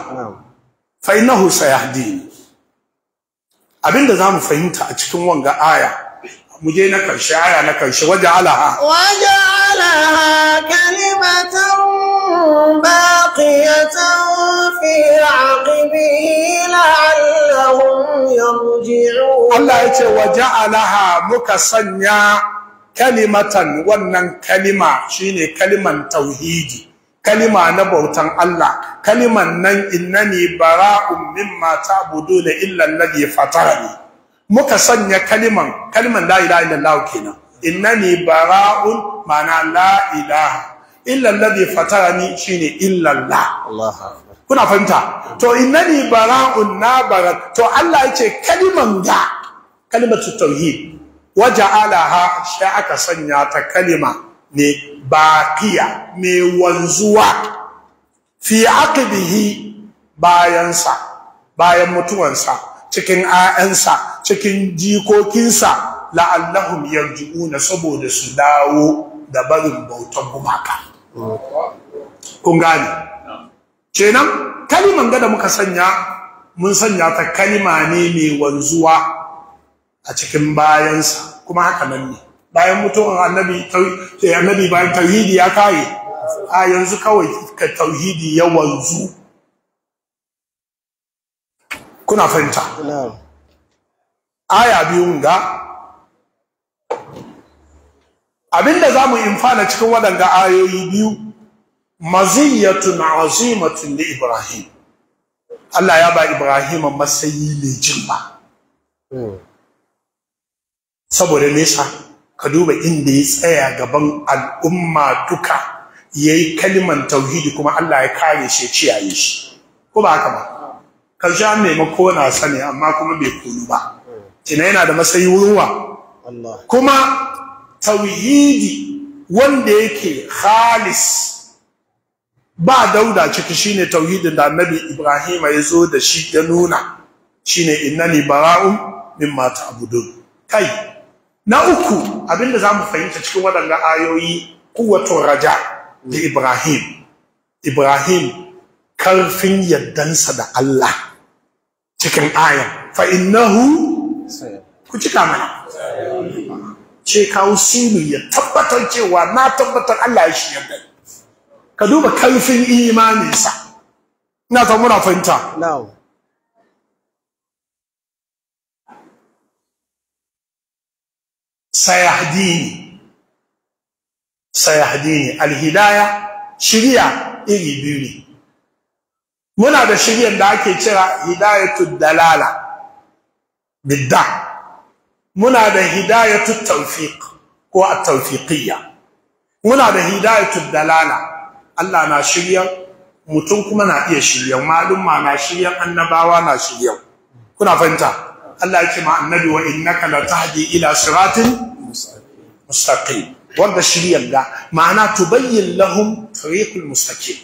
fa innahu sayahdini abinda zamu fahimta a cikin wanga aya mu je na karshe aya na karshe waja'alaha waja'alaha kalimatan baqiyatan fi 'aqibihi la'allahum yarji'un Allah yace waja'alaha muka sanya kalimatan wannan kalima shine kaliman tauhidi kalima na bautan Allah kaliman nan innani bara'un mimma ta'budu illa alladhi fatarani muka sanya kaliman kaliman la ilaha illallah kenan innani bara'un mana la ilaha illa alladhi fatarani shine illallah Allah kuna fahimta to innani bara'un na bara to Allah yace kaliman ga kalimatu tauhid waja'alaha shi aka sanya ta kalima ne baqiya me wanzuwa fi aqibihi bayansa bayan mutuwansa cikin ayansa cikin jikokinsa la'allahum yarji'una saboda su dawo da barin bautan gumaka kun gane kenan kaliman da muka sanya mun sanya ta kalima ne mai wanzuwa a cikin bayansa kuma haka nan ne bayan mutuwar annabi eh, tauhidi ya kaye a yanzu kawai ka tauhidi ya wanzu kuna fahimta aya biyun ga abinda zamu mu infana cikin waɗanda ayoyi biyu maziyyatun azimatun li ibrahim Allah ya ba ibrahim a matsayi mai girma hmm. saboda nesa ka duba inda ya tsaya gaban al'umma duka yayi kaliman tauhidi kuma Allah ya kare shi ya ciyaye shi ko ba haka ba kausha an nemi na sani amma kuma bai kulu ba Ina yana da matsayi ruwa kuma tauhidi wanda yake khalis ba dauda ciki shine tauhidin da annabi ibrahim ya zo da shi ya nuna shine innani bara'un mimma ta'budun kai na uku abinda zamu fahimta cikin wadannan ayoyi kuwatu raja da ibrahim ibrahim karfin yaddansa da Allah cikin aya fa innahu ku cika mana ce kawo sulu ya tabbatar cewa na tabbatar Allah ya shirya da ka duba karfin imaninsa ina ta muna fahimta sayahdini sayahdini alhidaya shiriya iri biyu ne muna da shiryen da ake cira hidayatul dalala bidda muna da hidayatul tawfiq ko at-tawfiqiyya muna da hidayatul dalala Allah na shiryen mutum kuma na iya shiryen malumma na shiryen annabawa na shiryen kuna fahimta Allah yake ma annabi wa innaka la tahdi ila siratin mustaqim wanda shiryen ga ma'ana tubayyin lahum tariqul mustaqim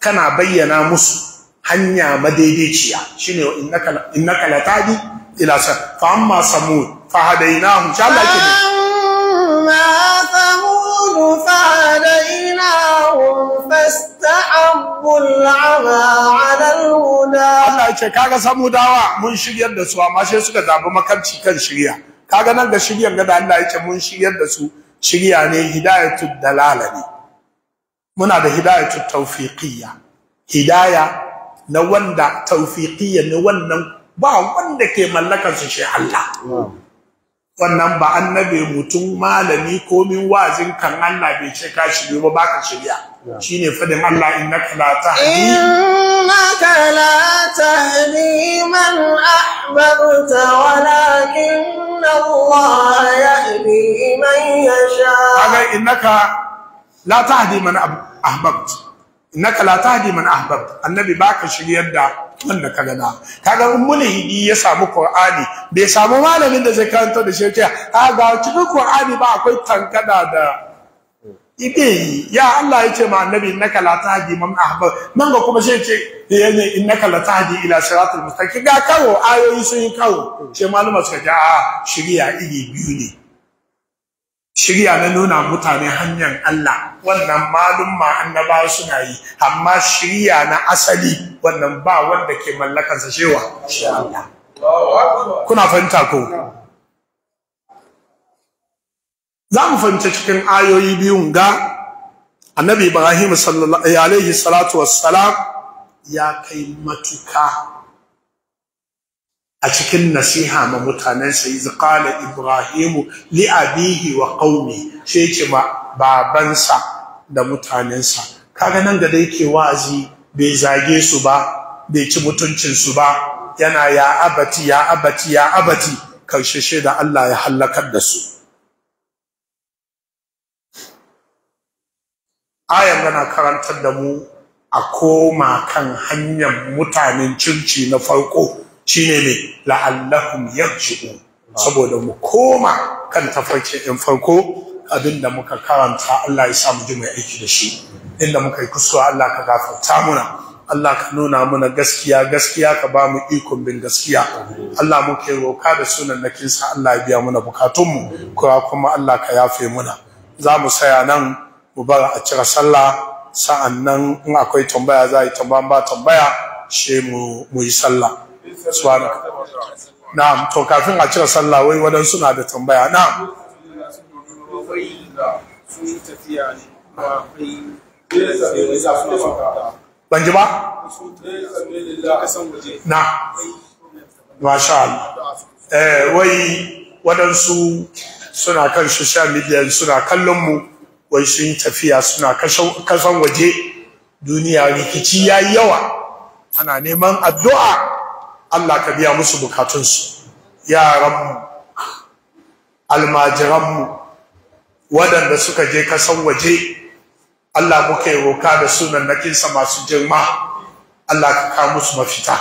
kana bayyana musu hanya madaidaiciya shine wa innaka innaka latadi ila sa fa amma samud fa hadainahu insha Allah ke amma samud fa hadainahu fastahabbu al'ama 'ala al-huda Allah ya ce kaga samudawa mun shiryar da su amma sai suka zabi makamci kan shirya kaga nan da shiryar ga da Allah ya ce mun shiryar da su shirya ne hidayatud dalala ne muna da hidayatul tawfiqiyya hidaya na wanda taufiqiyya ne wannan ba wanda ke mallakar su shi Allah wannan ba annabi mutum malami ko min wazin kan Allah bai ce ka shi ba baka shirya shine fadin Allah innaka la tahdi innaka la tahdi man ahbabta walakin Allah yahdi man yasha aga innaka la tahdi man ahbabta naka la tahdi man ahbab annabi baka shiryar da wanda ka gada kaga in mulhidi ya samu qur'ani bai samu malamin da zai karanta da shi ce a ah, ga cikin qur'ani ba akwai tankada da ibe ya Allah ya ce ma annabi naka la tahdi man ahbab man ga kuma sai ce eh, yana innaka la tahdi ila siratal mustaqim ga kawo ayoyi sun yi kawo ce malama suka ce a shiriya iri biyu ne shirya na nuna mutane hanyar Allah wannan malumma annabawa suna yi amma shirya na asali wannan ba wanda ke mallakansa shewa shi Allah kuna fahimta ko za mu fahimci cikin ayoyi biyun ga annabi Ibrahim sallallahu alaihi salatu wassalam ya kai matuka a cikin nasiha ma mutanen mutanensa iz qala ibrahimu li abihi wa qaumi sai ce ma babansa da mutanen mutanensa kaga nan da dai ke wa'azi bai zage su ba bai ci mutuncin su ba yana ya abati ya abati ya abati karshe da Allah ya halakar da su ayan yana karantar da mu a koma kan hanyar mutanen circi na farko shine ne la'allahum yarji'u saboda mu koma kan tafarkin in farko abinda muka karanta Allah ya sa mu ji aiki da shi inda muka yi kuskure Allah ka gafarta muna Allah ka nuna muna gaskiya gaskiya ka ba mu ikon bin gaskiya Allah muke roka da sunan na sa Allah ya biya muna bukatunmu kuma kuma Allah ka yafe muna za mu saya nan mu bar a cira sallah nan in akwai tambaya za a yi tambaya ba tambaya she mu yi sallah subhanaka na to kafin a cire sallah wai wadan suna da tambaya na ban ji ba na masha Allah eh wai wadansu suna kan social media suna kallon mu wai sun tafiya suna kasan waje duniya rikici yayi yawa ana neman addu'a Allah ka biya musu bukatunsu yaranmu almajiranmu waɗanda suka je kasan waje Allah muka yi roka da sunan nakinsa masu jirma. Allah ka kawo musu mafita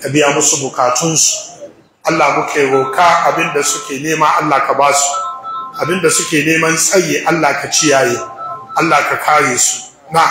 ka biya musu bukatunsu Allah muka yi roka abinda suke nema Allah ka ba su abinda suke neman tsaye Allah ka ciyaye Allah ka kare su na